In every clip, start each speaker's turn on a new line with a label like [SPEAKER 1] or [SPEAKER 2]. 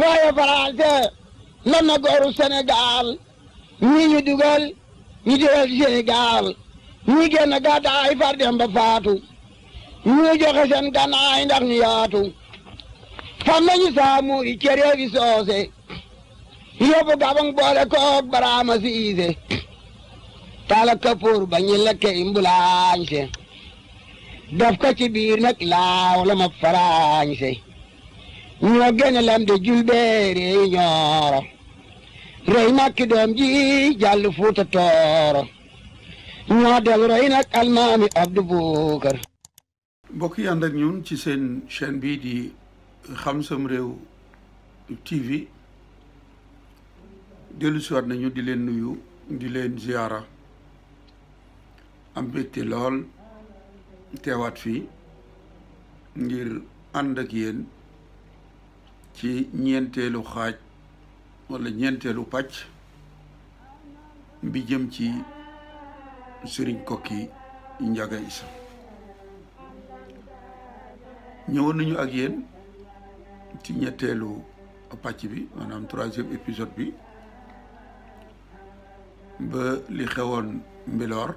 [SPEAKER 1] waaye Faranse man na gooru Sénégal ñii ñu dugal ñu dugal Sénégal ñii génn gàddaay far dem faatu ñii joxe seen gànnaay ndax ñu yaatu fam nañu saamu i cere bi soose yóbbu gabang boole koog baraama siise tala kapoor ba ñi lekke imbulaañse daf ko ci biir nag laaw la ma faraañse ñoo gën a lam de julbeeri ñooro rey makki doom ji jàll fuuta ñoo del rey nag almaami Abdou Boucar
[SPEAKER 2] yandak yi ñun ci seen chaîne bii di Xam Sam Réew TV dellu siwaat nañu di leen nuyu di leen ziyaara am mbégte lool teewaat fii ngir ànd ak ci ñeenteelu xaaj wala ñeenteelu pàcc bi jëm ci sëriñ kokki Njaga Issa ñëwoon nañu ak yéen ci ñetteelu pàcc bi maanaam troisième épisode bi ba li xewoon Mbilor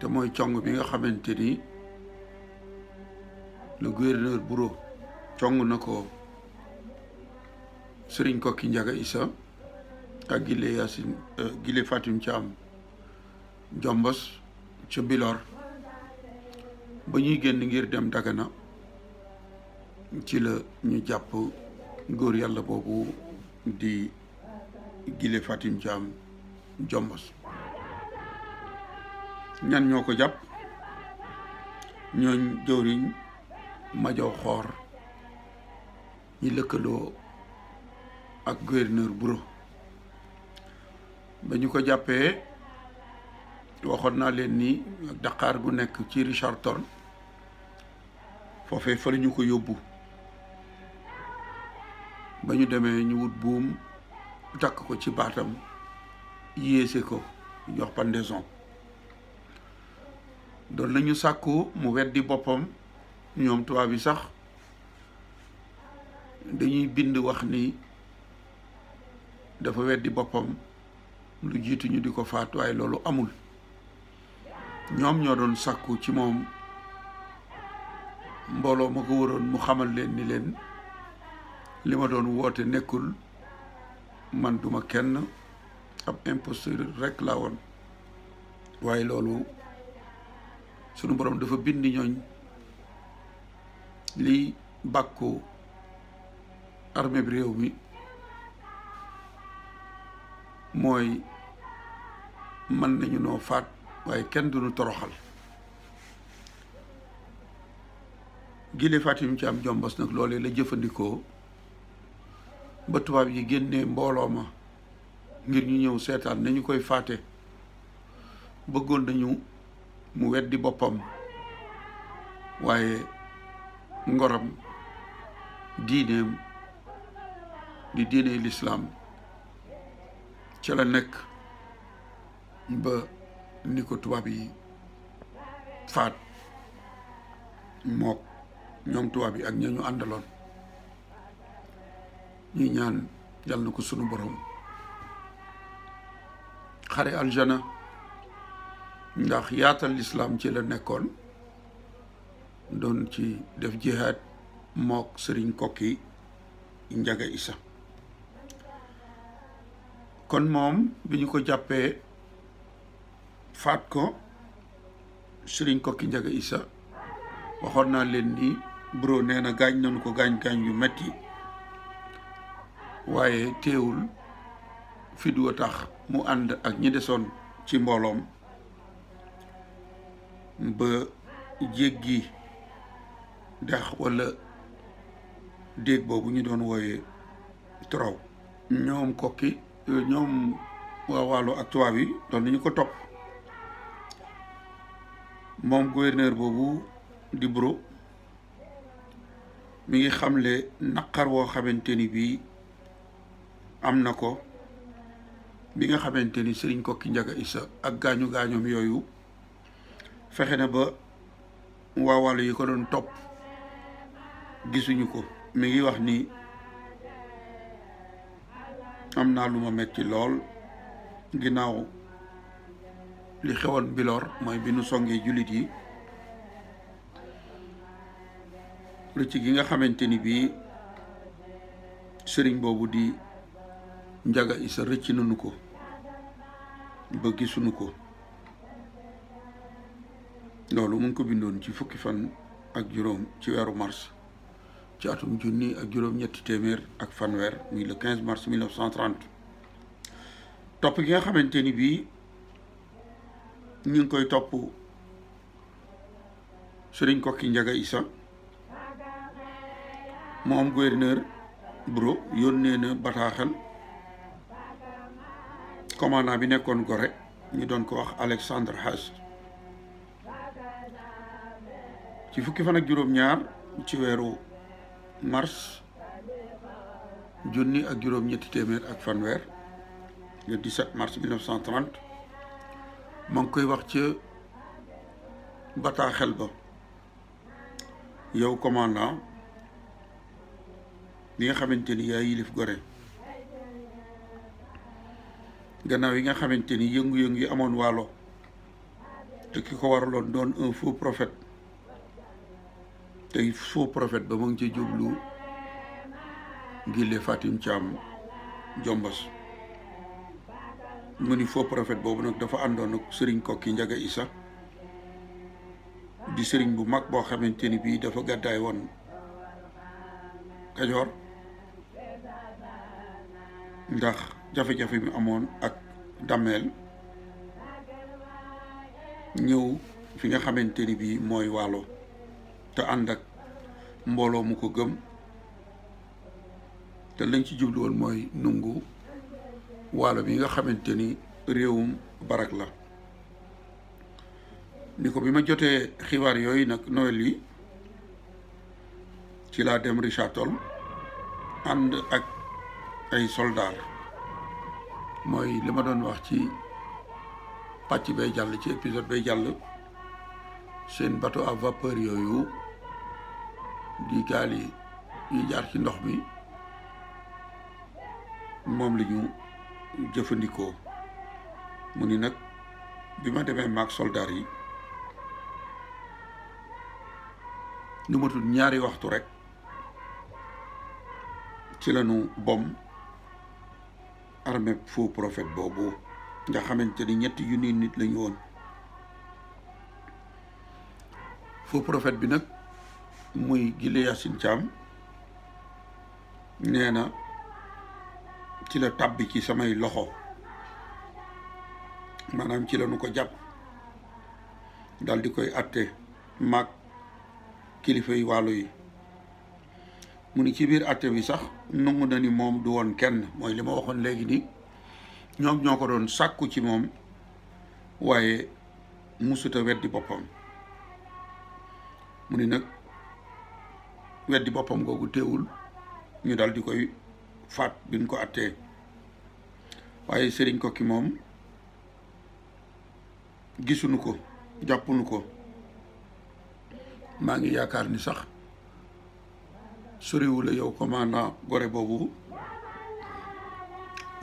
[SPEAKER 2] te mooy cong bi nga xamante ni le gouverneur Bourreau cong na ko Sëriñ Kokki Njaga Issa ak Gile Yacine euh, Gile Fatim Thiam Jombos ca Bilor ba ñuy génn ngir dem Dagana ci la ñu jàpp góor yàlla boobu di Gile Fatim Thiam Jombos ñan ñoo ko jàpp ñooñ jëwriñ ma xoor ñu lëkkaloo ak gouverneur Bureau ba ñu ko jàppee waxoon naa leen ni Dakar gu nekk ci Richard Toll foofee fa lañu ko yóbbu ba ñu demee ñu wut buum takk ko ci baatam yéese ko jox pendaison doon nañu sàkku mu weddi boppam ñoom tubaab yi sax dañuy bind wax ni dafa weddi boppam lu jiituñu di ko faat waaye loolu amul ñoom ñoo doon sàkku ci moom mbooloo ma ko wëroon mu xamal leen ni leen li ma doon woote nekkul man du ma kenn ab imposture rek laa woon waaye loolu sunu borom dafa bind ñooñ li bàkku armée bi réew mi mooy mën nañu noo faat waaye kenn duñu toroxal gile Fatim ci am jombos nag loolee la jëfandikoo ba tubaab yi génnee mbooloo ma ngir ñu ñëw seetaan nañu koy faate bëggoon nañu mu weddi boppam waaye ngorom diineem di dini l'islam ci la nekk ba niko ko tubaab yi faat mook ñoom tubaab yi ak ñu andalon ñi ñaan yal nako suñu borom xare aljana ndax yaatal l'islam ci la nekkon don ci def jihad mok serigne kokki njaga isa kon moom bi ñu ko jàppee faat ko sëriñ Kokki Njaga Issa waxoon naa leen ni bro nee na gaañ nañu ko gaañ-gaañ yu metti waaye teewul fit wa tax mu ànd ak ñi desoon ci mbooloom ba jéggi dex walla déeg boobu ñu doon wooyee torow ñoom kokki Euh, ñoom waa Waalo ak tubaab yi doon nañu ko topp moom gouverneur boobu di Buro mi ngi xamle naqar woo xamante ni bii am na ko bi nga xamante ni Sëriñ Kokki Njaga Issa ak gaañu gaañoom yooyu fexe na ba waa Waalo yi ko doon topp gisuñu ko mi ngi wax ni am naa lu ma metti lool ginnaaw li xewoon biloor mooy bi nu songee jullit yi lu gi nga xamante ni bii sëriñ boobu di njaga isa rëcc nañu ko ba gisuñu ko loolu mu ngi ko bindoon ci fukki fan ak juróom ci weeru mars ciatum atum junni ak juroom ñett témèr ak fanwer muy le 15 mars 1930 top gi nga xamanteni bi ñing ñu ngi koy topp Sëriñ Kokki Njaga Isa mom gouverneur bro yonne na bataxal commandant bi nekkoon Gorée ñu don ko wax Alexandre has ci fukki fan ak juroom ñaar ci wéru mars Juni ak juroom ñetti téeméer ak fanwer le 17 mars 1930 ma ngi koy wax bata xel ba yow commandant bi nga xamante ni yaa yilif Gorée gannaaw yi nga xamante ni yëngu-yëngu yi amoon waalo te ki ko waraloon doon un faux prophète tey faux prophète ba mu ngi ci jublu Ngile Fatim cham Jombas mu ni faux prophète boobu nag dafa àndoon ak sëriñ kokki Njaga Isa di sëriñ bu mag boo xamante ni bii dafa gàddaay woon Kajoor ndax jafe-jafe mi amoon ak dameel ñëw fi nga xamante ni bii mooy te ak mbooloo mu ko gëm te lañ ci jublu mooy nungu waalo bi nga xamante ni réewum barak la ni ko bi ma jotee xibaar yooyu nag nowel yi ci laa dem Richard Toll ànd ak ay soldaar mooy li ma doon wax ci pàcc bay jàll ci épisode bay jàll seen bateau à vapeur yooyu di gaal yi ñuy jaar ci ndox mi moom lañu ñu jëfandikoo mu ni nag bi ma demee maag soldaar yi lu matul ñaari waxtu rek ci lanu bom armée faux prophète boobu nga xamante ni ñetti junni nit lañu woon faux prophète bi nag muy Gile Yacine Thiam nee na ci la tàbbi ci samay loxo maanaam ci la nu ko jàpp dal di koy atte mag kilifa yi wàllu yi mu ni ci biir atte bi sax nangu na ni moom du woon kenn mooy li ma waxoon léegi ni ñoom ñoo ko doon sàkku ci moom waaye musuta weddi boppam mu ni nag weddi boppam googu téewul ñu dal di koy faat biñ ko attee waaye sëriñ ko ki moom gisuñu ko jàppunu ko maa ngi yaakaar ni sax soriwu yow commandant Gorée boobu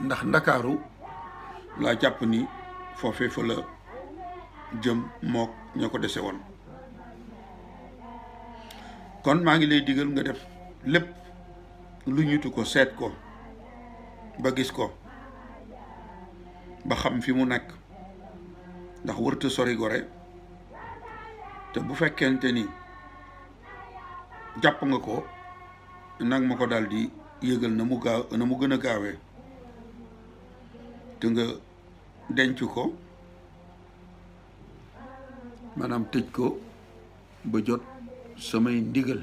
[SPEAKER 2] ndax ndakaaru laa jàpp ni foofee fa jëm mook ñoo ko dese woon kon maa ngi lay digal nga def lépp lu ñutu ko seet ko ba gis ko ba xam fi mu nekk ndax wërta sori rek te bu fekkente ni jàpp nga ko nag ma ko daal di yëgal na mu gaaw na mu gën a gaawee te nga denc ko maanaam tëj ko ba jot samay ndigal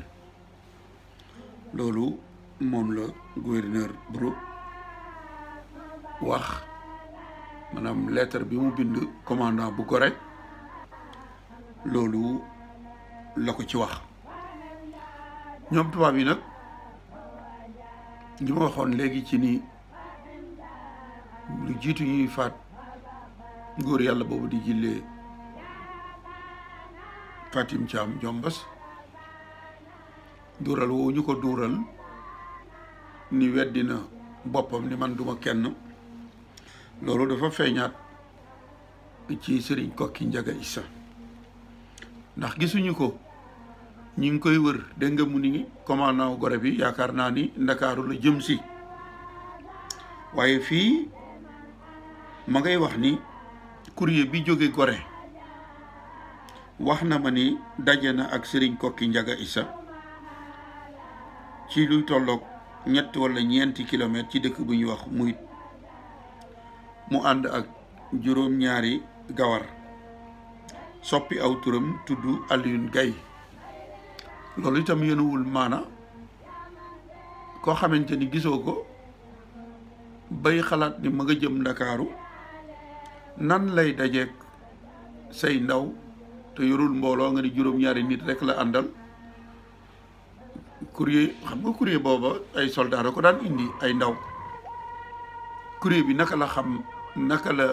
[SPEAKER 2] loolu moom la gouverneur Bureau wax manam lettre bi mu bind commandant bu Gorée loolu la ko ci wax ñoom tubaab yi nag li ma waxoon léegi ci ni lu jiitu ñuy faat góor yàlla boobu di jillee Fatim am Jombas dural woo ñu ko dural ni weddina boppam ni man duma kenn loolu dafa feeñaat ci sëriñ kokki njaga isa ndax gisuñu ko ñi ngi koy wër dégg nga mu ni commandant gore bi yaakaar naa ni ndakaaru la jëm si waaye fii ma ngay wax ni courrier bi jóge gore wax na ma ni daje na ak sëriñ kokki njaga isa ci luy tollok ñett wala ñenti kilomètre ci dëkk bu ñu wax muy mu ànd ak juróom-ñaari gawar soppi aw turam tudd aliyun gay loolu itam mana maana koo xamante ni gisoo ko bay xalaat ni ma nga jëm ndakaaru nan lay dajeeg say ndaw te yorul mbooloo nga ni juróom-ñaari nit rek la àndal courrier xam booba ay soldat la ko daan indi ay ndaw courrier bi naka la xam naka la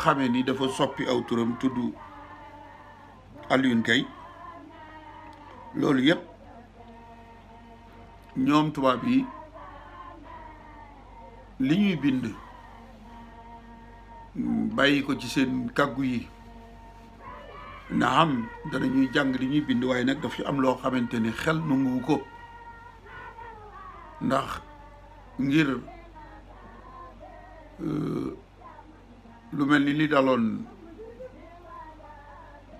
[SPEAKER 2] xamee ni dafa soppi aw turam tudd Alioune Gaye loolu yëpp ñoom tubaab yi li ñuy bind bàyyi ko ci seen kàggu yi naam danañuy jàng di ñuy bind waaye nag daf ci am loo xamante ni xel nanguwu ko ndax ngir euh, lu mel ni li daloon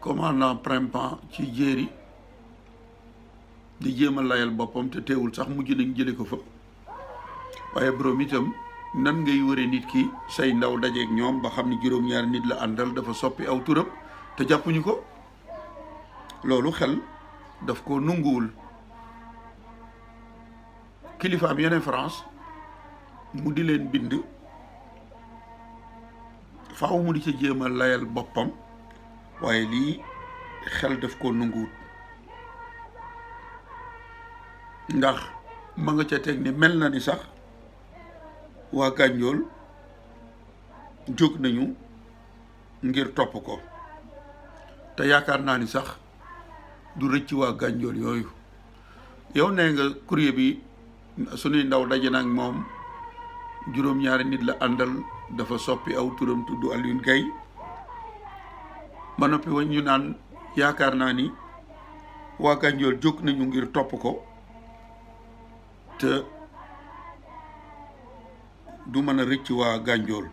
[SPEAKER 2] commandant Prempeh ci jéeri di jéem a layal boppam te teewul sax mujj nañ jële ko fa waaye borom itam nan ngay wëre nit ki say ndaw dajeeg ñoom ba xam ni juróom-ñaari nit la àndal dafa soppi aw turam te jappuñu ko lolu xel daf ko kilifa am yene France mu di len bind faaw mu di ci jema layal bopam waye li xel daf ko nunguwut ndax ma nga ca teg ni mel na ni sax waa Gànjool jóg nañu ngir topp ko te yaakaar naa ni sax du rëcc waa gànjool yooyu yow nee nga courrier bi suñuy ndaw daje nag moom juróom-ñaari nit la àndal dafa soppi aw turam tudd Alioune Gaye ba noppi wañ ñu naan yaakaar naa ni waa gànjool jóg nañu ngir topp ko te du mën a rëcc waa gànjool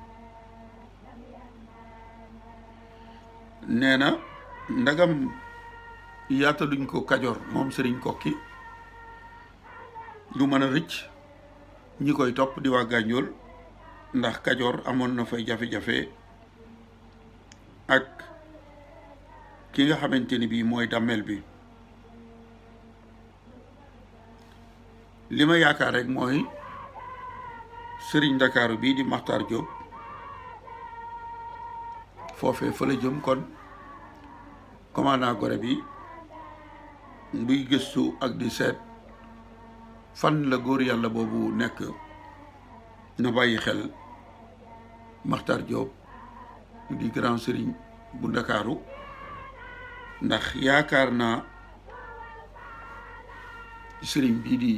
[SPEAKER 2] nee na ndagam yaataluñ ko kajoor moom sëriñ kokki du mën a rëcc ñi koy topp di waa gànjool ndax kajoor amoon na fay jafe-jafe ak ki nga xamante ni bii mooy dammel bi lima yaakaar rek mooy sëriñ ndakaaru bii di Maxtaar Jóob foofe fa jëm kon commandant gore bi buy gëstu ak di seet fan la góor yàlla boobu nekk na bàyyi xel maxtar Diop di grand sëriñ bu ndakaaru ndax yaakaar naa sëriñ bii di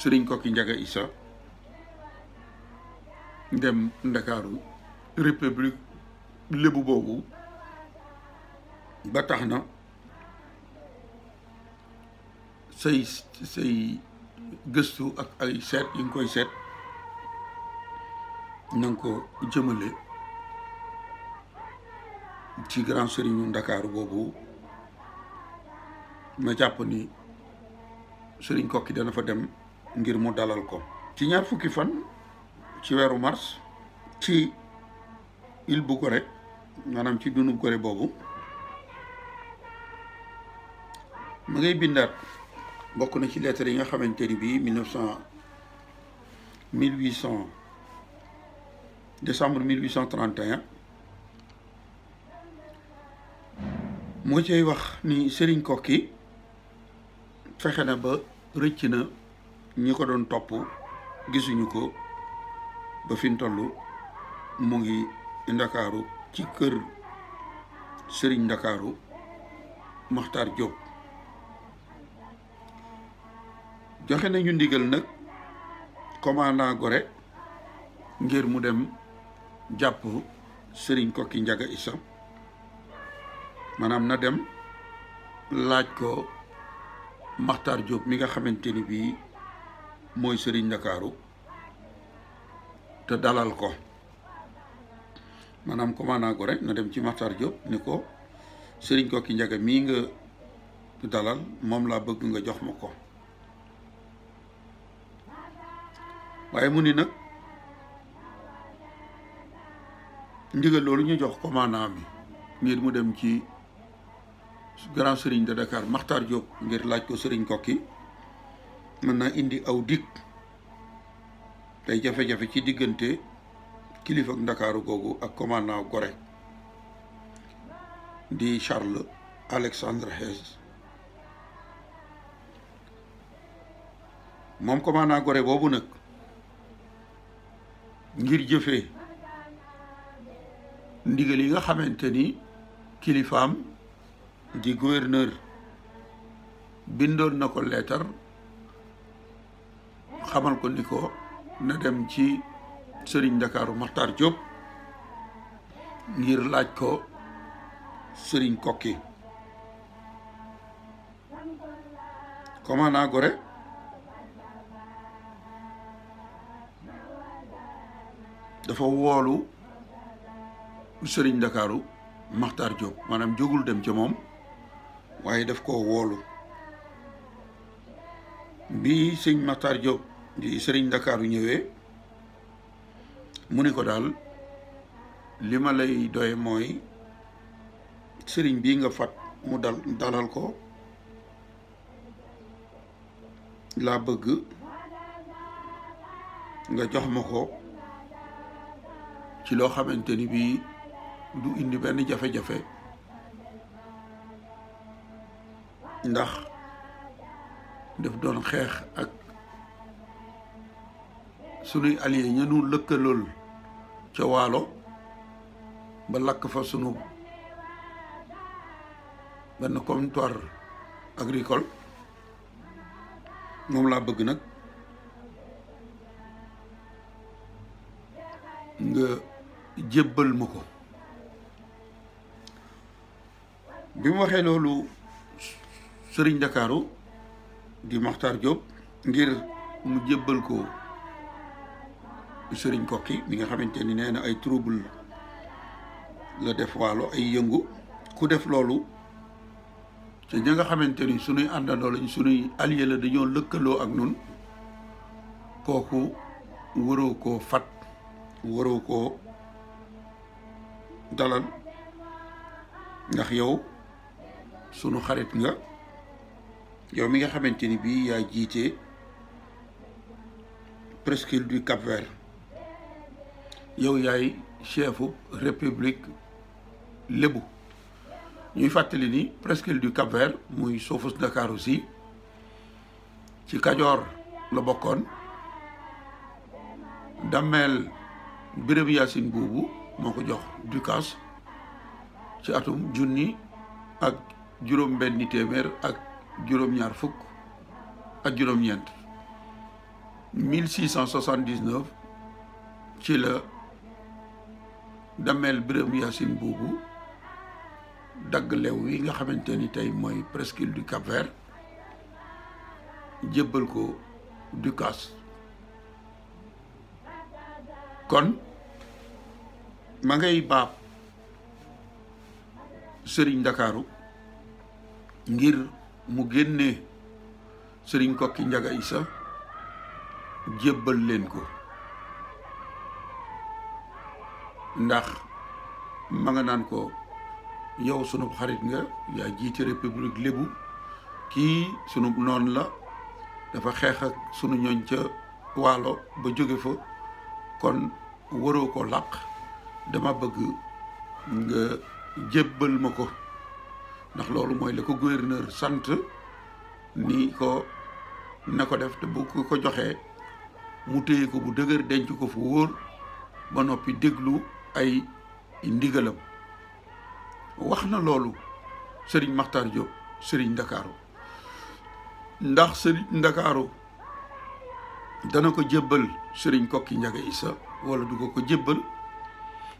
[SPEAKER 2] sëriñ koki Njaga Issa dem ndakaaru république lébu boobu ba tax na say say gëstu ak ay seet yi nga koy seet na ko jëmale ci grand sëriñu Ndakaaru boobu ma jàpp ni sëriñ kokki dana fa dem ngir mu dalal ko ci ñaar fukki fan ci weeru mars ci il bu Gorée maanaam ci dunub Gorée boobu ma bindat bokku na ci lettre yi nga xamanteni bi 1900 1800 décembre 1831 mo cey wax ni Serigne kokki fexe na ba rëcc na ñi ko doon top gisuñu ko ba fiñ tollu mu ngi Ndakaaru ci kër Serigne Ndakaaru Makhtar Diop. joxe nañu ndigal nag commandant Gorée ngir mu dem jàpp Serigne Koki Ndiaga Issa maanaam na dem laaj ko Makhtar Diop mi nga xamante ni bii mooy Serigne Ndakaaru te dalal ko maanaam commandant Gorée na dem ci Makhtar Diop ni ko Serigne Koki Ndiaga mii nga dalal moom laa bëgg nga jox ma ko waaye mu ni nag ndigal loolu ñu jox commandant bi ngir mu dem ci grand sëriñ de Dakar Makhtar Diop ngir laaj ko sëriñ Kokki mën na indi aw dig tey jafe-jafe ci diggante kilifa ndakaaru googu ak commandant Gorée di Charles Alexandre Hayes moom commandant gore boobu nag ngir jëfe ndigal yi nga xamante ni kilifaam di gouverneur bindoon na ko leetar xamal ko ni ko na dem ci sëriñ Ndakaaru Maxtaar jóop ngir laaj ko sëriñ koki comment naa gore dafa woolu sëriñ ndakaaru maxtaar Diop maanaam jógul dem ca moom waaye def ko woolu bi sëñ maxtaar Diop sëriñ ndakaaru ñëwee mu ni ko daal li ma lay doy mooy sëriñ bi nga fat mu dalal ko laa bëgg nga jox ma ko ci loo xamante ni bii du indi benn jafe-jafe ndax def doon xeex ak sunuy allié ñanu lëkkalool ca waalo ba lakk fa sunu benn comptoir agricole moom laa bëgg nag nga jébbal ma ko bi mu waxee loolu di maktar job ngir mu jébbal ko serigne Kokki mi nga xamanteni ni ay trouble la def walu ay yëngu ku def lolou ci nga xamanteni ni sunuy àndandoo lañ sunuy allié la dañu lekkelo ak nun koku ko fat waroo ko dalal ndax yow sunu xarit nga yow mi nga xamanteni bi ya jité du cap vert yow yaay chefu république lebu ñuy fàttali ni presqu'île du cap vert muy sofos dakar aussi ci kadior la bokkoon damel boobu moo ko jox Ducasse ci atum junni ak juróom benni téeméer ak juróom-ñaar fukk ci la Damel Birame Yacine Boubou dagg lew yi nga xamante ni tey mooy presqu'île du Cap-Vert jébbal ko Ducasse kon ma bab baab dakaru ngir mu genné serigne kokki njaga isa jebel lenko ko ndax ma nga nan ko yow sunu xarit nga ya jiti république lebu ki sunu non la dafa xex ak sunu ñooñ ca walo ba fa kon waroo ko làq dama bëgg nga jébbal ma ko ndax loolu mooy la ko gouverneur sant ni ko na ko def te bu ko joxee mu téye ko bu dëgër denc ko fu wóor ba noppi déglu ay ndigalam wax na loolu sëriñ Maxtaar Diop sëriñ Ndakaaru ndax sëriñ Ndakaaru dana ko jébbal sëriñ Kokki Njaga Isa wala du ko ko jébbal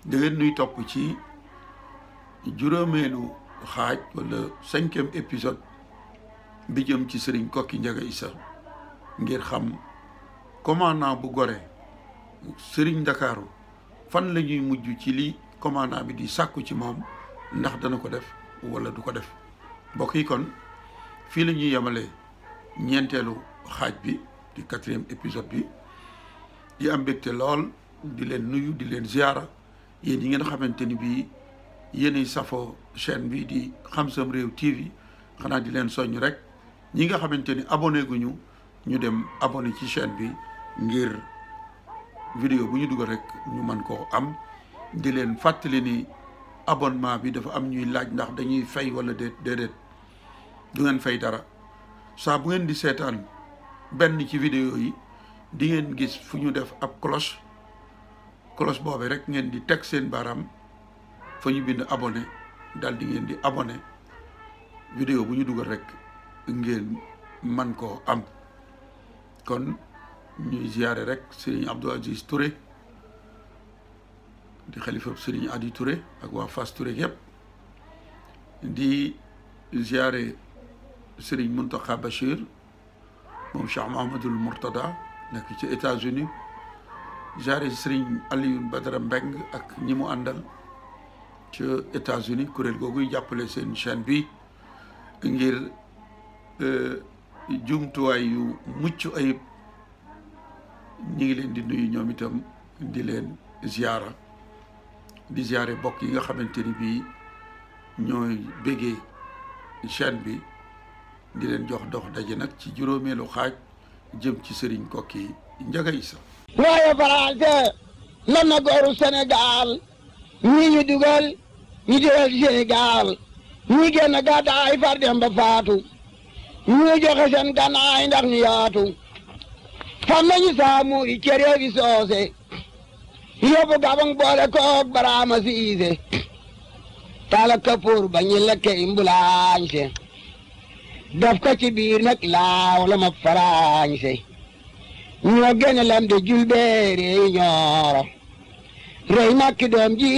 [SPEAKER 2] da nuy topp ci juróomeelu xaaj wala cinquième épisode bi jëm ci sëriñ Kokki Njaga Issa ngir xam commandant bu gore sëriñ Ndakaaru fan la ñuy mujj ci li commandant bi di sàkku ci moom ndax dana ko def walla du ko def mbokk yi kon fii lañuy ñuy ñeenteelu xaaj bi di quatrième épisode bi di am mbégte lool di leen nuyu di leen ziyaara yéen yi ngeen xamante ni bii yéenay safoo chaîne bi di Xam Sam Réew TV xanaa di leen soññ rek ñi nga xamante ni abonné ñu dem abonné ci chaîne bi ngir vidéo bu ñu dugal rek ñu mën ko am di leen fàttali ni abonement bi dafa am ñuy laaj ndax dañuy fay wala déet déedéet du ngeen fay dara saa bu ngeen di seetaan benn ci vidéo yi di ngeen gis fu ñu def ab cloche cloche boobe rek ngeen di teg seen baaram fa ñu bind abone daal di ngeen di abonné vidéo bu ñu dugal rek ngeen man koo am kon ñuy ziyaare rek sëriñ Abdou Aziz Touré di xalifa sëriñ Adi Touré ak waa Fass Touré yëpp di ziyaare sëriñ Mountakha Bachir moom Cheikh Mahamadul Mourtada nekk ci États-Unis jaare Serigne Alioune Badara Mbeng ak ñi mu àndal ca États-Unis kuréel googuy jàppale seen chaîne bi ngir euh, jumtuwaay yu mucc ayib ñi ngi leen di nuyu ñoom itam di leen ziara di ziare bokk yi nga xamante ni bii ñooy bégee chaîne bi di leen jox dox daje nag ci juróomeelu xaaj jëm ci Serigne Koki Njaga Issa
[SPEAKER 1] waaye Faraanse na gooru Sénégal ñii ñu dugal ñu dugal Sénégal ñii génn gàddaay far dem ba faatu ñii joxe seen gànnaay ndax ñu yaatu fam nañu saamuuri cere fi soose yóbbu gabang boole koog baraama siise tala kapoor ba ñi lekke imbulaañse daf ko ci biir nag laaw la ma faraañse ñoo gën a lam de julbeeri ñooro rey nag ki doom ji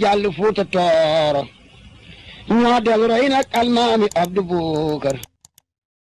[SPEAKER 1] jàll fuuta tooro ñoo del rey nag almaami abdu buukar